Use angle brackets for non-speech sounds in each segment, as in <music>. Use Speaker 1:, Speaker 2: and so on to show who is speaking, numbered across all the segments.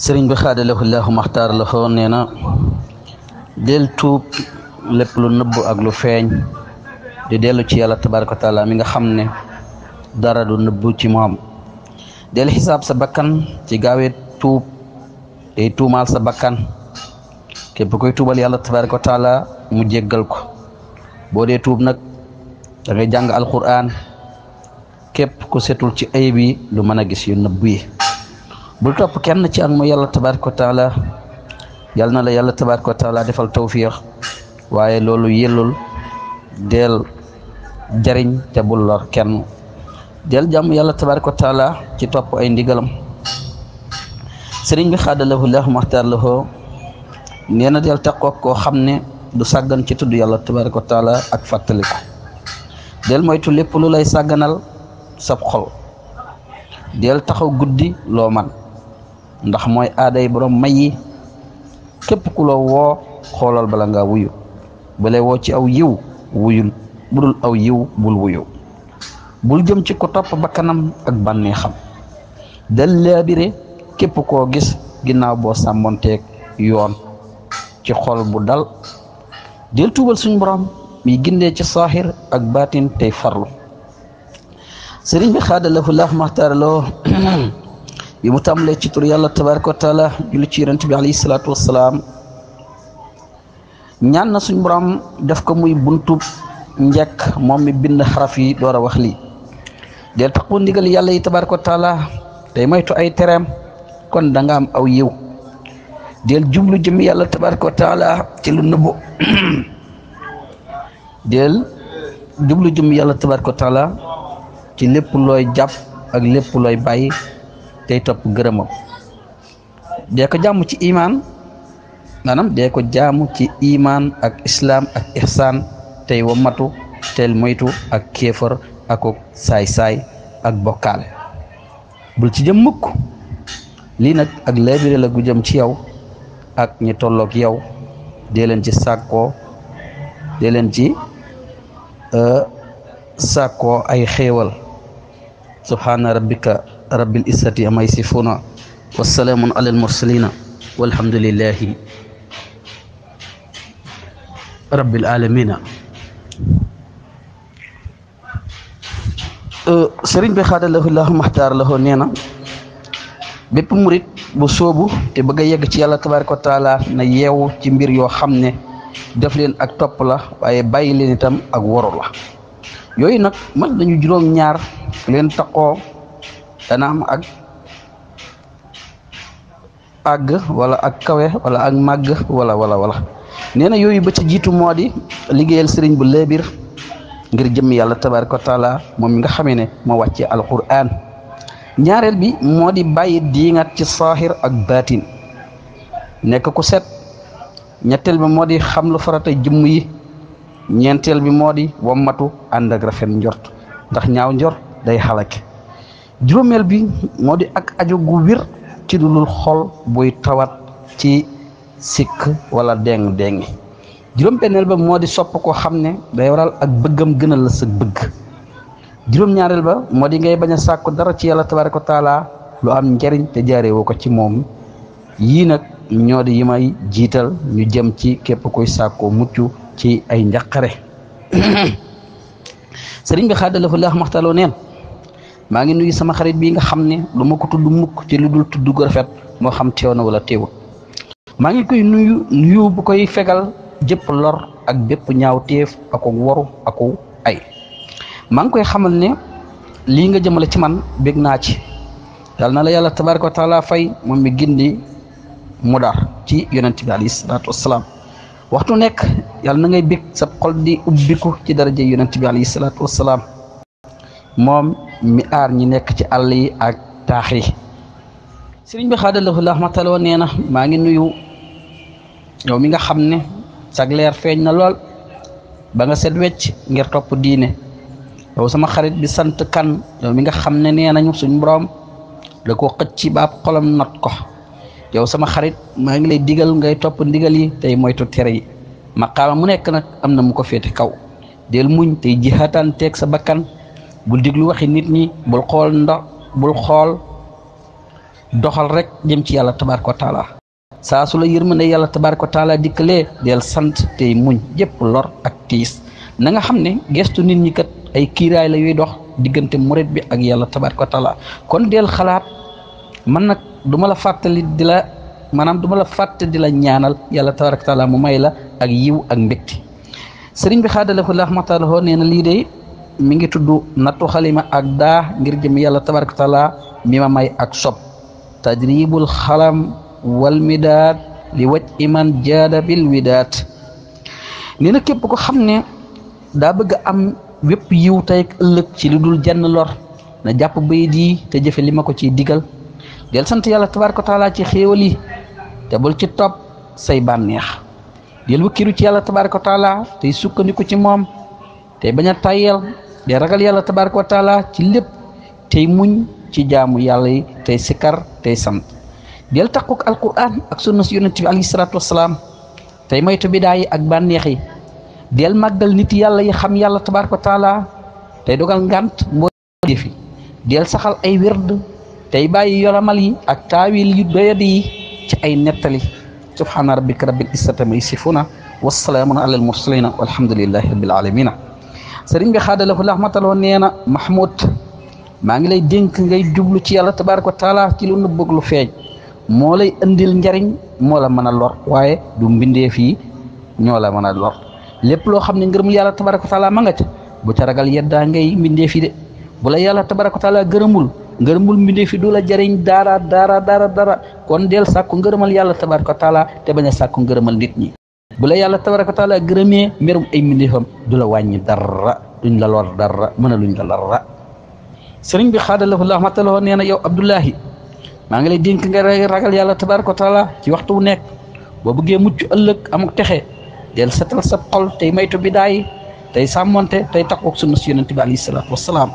Speaker 1: sëriñ bi xaadalahu laahu maxtaar la xoo nee na del tuub lépp lu nëbb ak lu feeñ di dellu ci yàlla tabaraka wa taala mi nga xam ne dara du nëbb ci moom del xisaab sa bakkan ci gaawee tuub tey tuumaal sa bakkan képp koy tuubal yàlla tabaraka wa taala mu jéggal ko boo de tuub nag da ngay jàng alquran képp ku setul ci ayib lu mën a gis yu nëbb yi bul topp kenn ci ak mu yàlla tabaraka wa taala yàlla na la yàlla tabaraka wa taala defal tawfiix waaye loolu yellul del jariñ te bul lor kenn del jàmm yàlla tabaraka wa taala ci topp ay ndigalam sëriñ bi xaadalahu laahu maxtaar lahu nee na del taqoo koo xam ne du saggan ci tudd yàlla tabaraka wa taala ak fàttaliku del moytu lépp lu lay sàgganal sab xol del taxaw guddi loo ndax mooy aaday borom may yi képp ku la woo xoolal bala ngaa wuyu bu woo ci aw yiw wuyul budul aw yiw bul wuyu bul jëm ci ko topp bakkanam ak banneexam dal laabire képp koo gis ginnaaw boo sàmmonteeg yoon ci xool bu dal del tuubal suñ borom mi gindee ci saaxir ak baatin tey farlu sëriñ bi xaadalafu laaf maxtaaraloo <clears throat> bi mu tàmbalee ci tur yàlla tabaraka wa taala julli ci yonent bi alayhi salaatu wassalaam ñaan na suñ borom def ko muy buntu njekk moom mi bind xaraf yi door a wax lii del taqu ndigal yàlla yi tabaraka wa taala tey moytu ay tereem kon da nga am aw yiw del jublu jëm yàlla tabaraka wa taala ci lu nëbbu del jublu jëm yàlla tabaraka wa taala ci lépp looy jàpp ak lépp looy bàyyi tey topp gërëmam dee ko jàmm ci imaan maanaam dee ko jaamu ci imaan ak islaam ak ihsaan tey wammatu teel moytu ak kéefar ak saay-saay ak bokkaal bul ci jëm mukk lii nag ak laabire la gu jëm ci yow ak ñi tolloog yow dee leen ci sàkkoo dee leen ci euh, sàkkoo ay xéewal subhaana rabbika rabbil izzati amay sifuna wa salaamun alal wa walhamdulillahi rabbil alamina euh, sëriñ bi xaadalahu lahu maxtaar lahu nee na bépp murit bu sóobu te bëgg a yegg ci yàlla tabaraka wa taala na yeew ci mbir yoo xam ne def leen ak topp la waaye bàyyi leen itam ak waru la yooyu nag mën nañu juróom ñaar leen taqoo dana am ak àgg wala ak kawe wala ak màgg wala wala wala nee na yooyu ba ci jiitu moo di liggéeyal sëriñ bu léebir ngir jëm yàlla tabaraka taala moom mi nga xamee ne moo wàccee alquran ñaareel bi moo di bàyyi diingat ci saaxir ak baatin nekk ku set ñetteel bi moodi di xam lu farata jëmm yi ñeenteel bi moo di wammatu ànd ak rafet ndax ñaaw njort day xalake juróomeel bi moo di ak ajo gu wir ci dulul xol buy tawat ci sikk wala deng dengi juróom-benneel ba moo di sopp koo xam ne day waral ak bëggam gënal la sa bëgg juróom-ñaareel ba moo di ngay bañ a sàkku dara ci yàlla tabaraka ko taala lu am njariñ te jaaree woo ko ci moom yii nag ñoo di yi jiital ñu jëm ci képp kuy sàkkoo mucc ci ay njaqare <coughs> sëriñ bi xaadalafu laax maxtaloo neen maa ngi nuyu sama xarit bi nga xam ne du ma ko tudd mukk ci lu dul tudd gu rafet moo xam teew wala teewut maa ngi koy nuyu nuyu bu koy fegal jëpp lor ak bépp ñaaw teef ak waru ak ay maa ngi koy xamal ne lii nga jëmale ci man bég naa ci yàlla na la yàlla tabaraka wa taala fay moom mi gindi mu dar ci yonent bi alayhi salaatu wasalaam waxtu nekk yàlla na ngay bég sa xol di ubbiku ci daraje yonent bi alayhi salaatu wasalaam moom mi aar ñi nekk ci àll yi ak taax yi sëriñ bi xaadalahu lahmataloo nee na maa ngi nuyu yow mi nga xam ne sagleer feeñ na lool ba nga set wecc ngir topp diine yow sama xarit bi sant kan yow mi nga xam ne nee nañu suñ boroom da ko xëcc ci baab xolam not ko yow sama xarit maa ngi lay digal ngay topp ndigal yi tey moytu tere yi maqaama mu nekk nag am na mu ko féete kaw del muñ tey jihataan teeg sa bakkan bul diglu waxi nit ñi bul xool nda bul xool doxal rek jëm ci yàlla tabaaraka wa taala saa su la yërmande yàlla tabarko wa taala dikkalee del sant tey muñ jëpp lor ak tiis na nga xam ne gestu nit ñi kat ay kiiraay la yuy dox diggante moret bi ak yàlla tabaaraka wa taala kon del xalaat man nag duma la fàttali di la maanaam du ma di la ñaanal yàlla tabaaraka taala mu may la ak yiw ak mbégte sëriñ bi xaadalaku laax maxtaalaxoo nee na lii de mi ngi tuddu natu khalima ak da ngir jëm yalla tabaraku taala mi ma may ak sop tadribul khalam wal midaat li wajj iman jada bil widat ni na kep ko xamne da bëgg am wep yiw tey ëlëk ci lu dul jenn lor na japp bay di te jëfe li mako ci ciy digal del sant yalla tabaraku taala ci xewali te bul ci top say banex del ci yalla tabaraku taala te sukkandiku ci mom te baña tayel di ragal yàlla tabaraka wa taala ci lépp tey muñ ci jaamu yàlla tey sikar tey sant del takkuk alquran ak sunna si yonent bi alayhi salatu wasalaam tey moytu bidaa yi ak bànneex yi del màggal nit yàlla yi xam yàlla tabaraka taala tey dogal ngant mboo defi del saxal ay wird tey bàyyi yoramal yi ak taawil yu doyadi yi ci ay nettali subhana rabbika rabbil izzati ma yasifuna wassalaamun ala al mursalina walhamdulillahi rabbil alamina sëriñ bi xaadalahu laxmataloo nee na mahmoud maa ngi lay dénk ngay jublu ci yàlla tabaaraka wa taala ci lu nëbb ak lu feeñ moo lay indil njariñ moo la mën a lor waaye du mbindee yi ñoo la mën a lor lépp loo xam ne ngërëm yàlla tabaaraka wa taala ma nga ca bu ca ragal yeddaa ngay mbindeef fi de bu la yàlla tabaaraka wa taala gërëmul ngërëmul mbindeef yi du la jariñ dara dara dara dara kon del sàkku ngërëmal yàlla tabaaraka wa taala te bañ a sàkku ngërëmal nit ñi bula ya yalla tabaraka taala gërëmee mbirum ay mbindeefam du la wàññi dara duñ la lor dara mëna luñ la lor sëriñ bi allah neena yow ya abdullahi ma nga lay dénk nga ragal yalla ya tabaraka taala ci waxtu wu bo boo muccu ëlëk am amuk texe del satal sa xol tay maytu bidaay tay samonté tay takku sunna si yonente bi alayhi salatu wassalam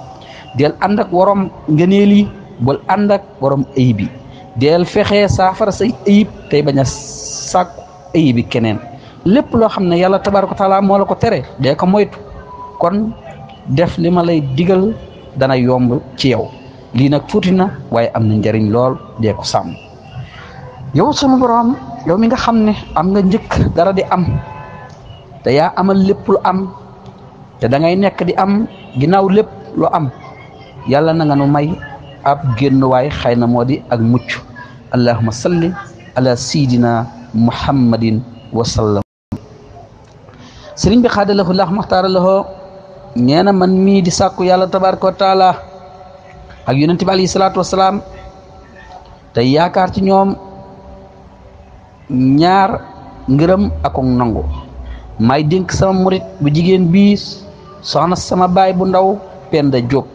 Speaker 1: del andak worom warom bul warom del fexé saafara say ayib tay baña a sàkku kenen lépp loo xam ne yàlla tabaaraka taala moo la ko tere dee ko moytu kon def li ma lay digal dana yomb ci yow lii nag tuuti na waaye am na njariñ lool dee ko sàmm yow sunu borom yow mi nga xam ne am nga njëkk dara di am te yaa amal lépp lu am te dangay nekk di am ginnaaw lépp lu am yàlla na nga nu may ab génnuwaay xëy na moo di ak mucc allahumma salli ala sayyidina muhammadin wa sallam sëriñ bi xaadalahu laax maxtaara lahoo nee na man mii di sàkku yàlla tabaraka wa taala ak yonent bi alayhi salaatu wasalaam te yaakaar ci ñoom ñaar ngërëm ak nangu may dénk sama murit bu jigéen bii soxna sama baay bu ndaw Penda Jóob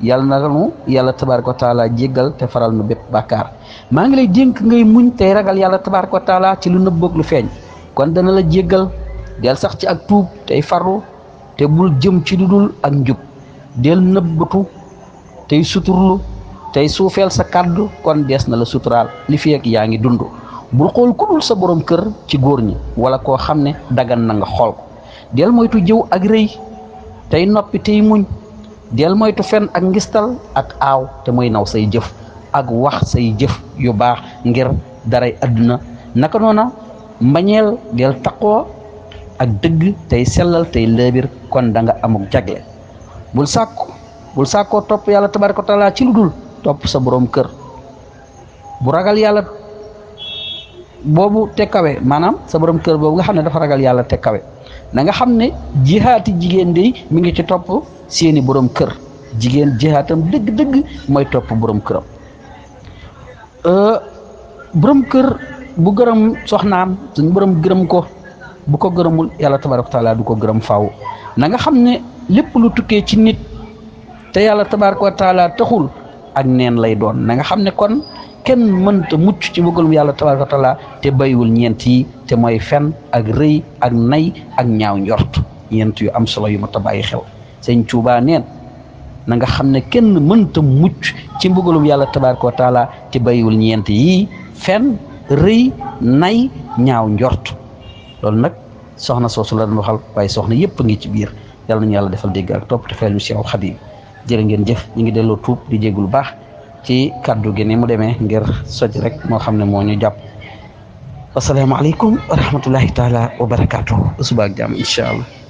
Speaker 1: yàlla na lanu yàlla tabaraka wa taala jéggal te faral nu bépp bàkkaar maa ngi lay dénk ngay muñ tey ragal yàlla tabaraka wa taala ci lu nëbboog lu feeñ kon dana la jéggal del sax ci ak tuub tey farru te bul jëm ci dudul ak njub del nëbbatu tey suturlu tey suufeel sa kaddu kon des na la sutural li fi ak yaangi dundu bul xol ku dul sa borom kër ci wala ko xamne dagan na nga xol ko del moytu jëw ak reey tey noppi tey muñ del moytu fen ak ngistal ak aaw te moy naw say jëf ak wax say jëf yu baax ngir daray aduna naka nona mbagnel del ak deug tay selal tay lebir kon da nga amuk jagle bul tebar bul sakko top yalla tabaraka taala ci lu top sa borom kër bu ragal yalla bobu tekawé manam sa borom kër bobu nga xamné dafa ragal yalla tekawé kawe na nga xamné ne jigen jigéen mi ngi ci top seeni borom kër jigen jihaatam deug deug moy top borom euh borom kër bu gërëm soxnam suñu borom ko bu ko gërëmul yàlla tabaraka taala du ko gërëm faaw na nga xam ne lépp lu tukkee ci nit te yàlla tabaraka wa taala taxul ak neen lay doon na nga xam ne kon kenn mënta mucc ci bëggalum yàlla tabaraka wa taala te bayiwul ñeent yi te mooy fen ak rëy ak nay ak ñaaw njort ñeent yu am solo yu ma ta bàyyi xel sëñ neen nanga xam ne kenn mënta mucc ci mbëggalum yàlla tabaraka wa taala te bayiwul ñeent yi fen rëy nay ñaaw njort loolu nag soxna soosu la doon waaye soxna yëpp a ngi ci biir yàlla nañu yàlla defal dégg ak topp te fayal ñu Seexul Xadiim jërë ngeen jëf ñu ngi delloo tuub di jéggul baax ci kàddu gi ni mu demee ngir soj rek moo xam ne moo ñu jàpp asalaamaaleykum wa rahmatullahi taala wa barakaatu suba ak jàmm allah